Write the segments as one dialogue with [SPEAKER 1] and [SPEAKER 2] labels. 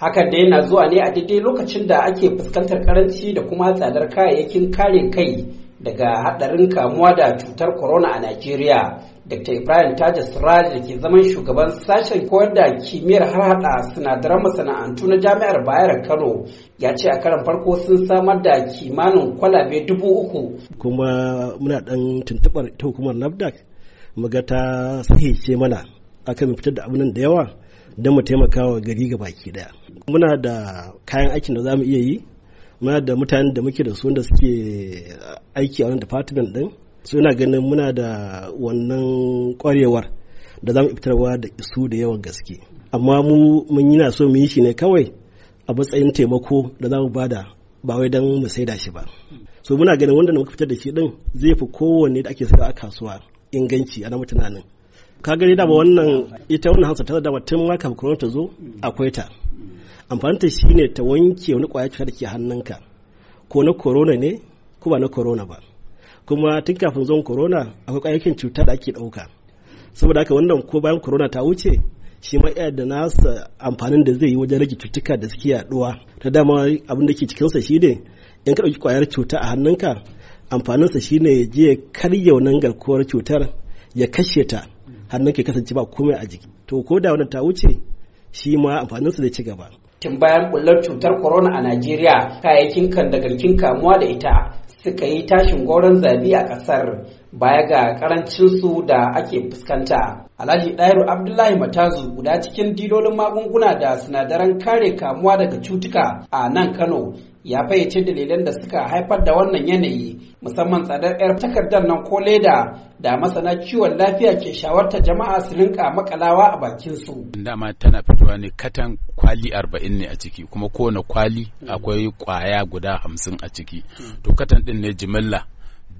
[SPEAKER 1] hakan dai na zuwa ne a daidai lokacin da ake fuskantar karanci da kuma tsadar kayayyakin kare kai daga hadarin kamuwa da cutar corona a najeriya dr ibrahim taja Raj da ke zaman shugaban sashen koyar da kimiyyar harhaɗa sinadaran masana'antu na jami'ar bayar kano ya ce a karan farko sun samar da kimanin kwalabe dubu uku
[SPEAKER 2] kuma muna ɗan tuntuɓar ita hukumar nafdac muga ta sahihce mana akan fitar da abunan da yawa don mu taimaka wa gari ga baki daya muna da kayan aikin da za mu iya yi muna da mutanen da muke da su wanda suke aiki a wani department din suna ganin muna da wannan kwarewar da za mu fitarwa da isu da yawan gaske amma mu mun yi na so mu yi shi ne kawai a matsayin taimako da za mu bada ba wai don mu saida shi ba so muna ganin wanda muka fitar da shi din zai fi kowanne da ake saka a kasuwa inganci a na mutanen ka gani dama wannan ita wannan hausa ta dama tun ma kafin corona ta zo akwai ta amfanin ta shine ta wanke wani kwaya cuta da ke hannunka ko na corona ne ko ba na corona ba kuma tun kafin zon corona akwai kwayakin cuta da ake dauka saboda haka wannan ko bayan corona ta wuce shi ma da nasa amfanin da zai yi wajen rage cutuka da suke yaduwa ta dama abin da ke cikinsa shine in ka dauki kwayar cuta a hannunka amfaninsa shine ya je karya wannan garkuwar cutar ya kashe ta hannun ke kasance ba komai a jiki to ko da wannan ta wuce shi ma amfanin su zai ci gaba
[SPEAKER 1] tun bayan bullar cutar corona a Najeriya kayayyakin kan da garkin kamuwa da ita suka yi tashin goron zabi a kasar baya ga karancinsu da ake fuskanta. Alhaji Ɗairu Abdullahi Matazu guda cikin dilolin magunguna da sinadaran kare kamuwa daga cutuka a nan Kano ya fayyace dalilan da suka haifar da wannan yanayi musamman tsadar 'yar takardar nan ko leda da masana kiwon lafiya ke shawarta jama'a su rinka makalawa a bakin su.
[SPEAKER 3] Dama tana fitowa ne katan kwali arba'in ne a ciki kuma kowane kwali akwai kwaya guda hamsin a ciki. Hmm. To katan din ne jimilla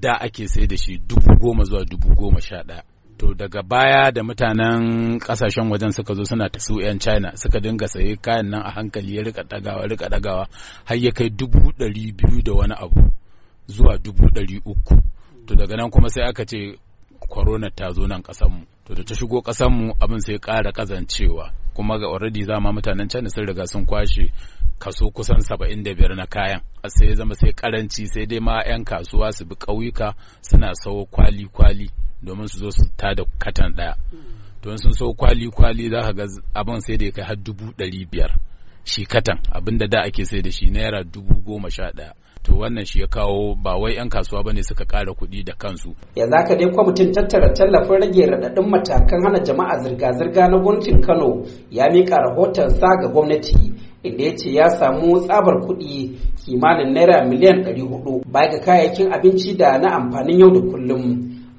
[SPEAKER 3] da ake sai da shi dubu goma zuwa dubu goma sha ɗaya to daga baya da mutanen kasashen wajen suka zo suna ta su 'yan china suka dinga saye kayan nan a hankali ya rika dagawa rika dagawa har ya kai dubu ɗari biyu da wani abu zuwa dubu ɗari uku to daga nan kuma sai aka ce korona ta zo nan mu to da ta shigo mu abin sai ƙara kazancewa kuma ga already zama mutanen china sun riga sun kwashe kaso kusan saba'in da biyar na kayan sai zama sai karanci sai dai ma 'yan kasuwa su bi ƙauyuka suna sawo kwali-kwali domin su zo su ta da katan ɗaya don sun so kwali-kwali za ka ga abin sai da ya kai har dubu dari biyar shi katan abin da ake sai da shi naira dubu goma sha ɗaya to wannan shi ya kawo ba wai 'yan kasuwa bane suka ƙara kuɗi da kansu
[SPEAKER 1] ya za ka dai kwamitin tattara tallafin rage raɗaɗin matakan hana jama'a zirga-zirga na gwamnatin kano ya miƙa rahoton sa ga gwamnati inda ya ce ya samu tsabar kuɗi kimanin naira miliyan 400 baya ga kayayyakin abinci da na amfanin yau da kullum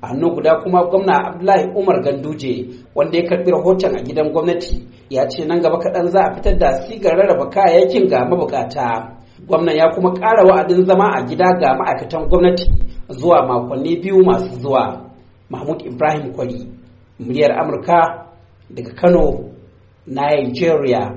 [SPEAKER 1] a hannu guda kuma gwamna abdullahi umar ganduje wanda ya karɓi rahoton a gidan gwamnati ya ce nan gaba kaɗan za a fitar da sigar rarraba kayayyakin ga mabukata gwamnan ya kuma ƙara wa'adin zama a gida ga ma'aikatan gwamnati zuwa makonni biyu masu zuwa mahmud ibrahim kwari muryar amurka daga kano na nigeria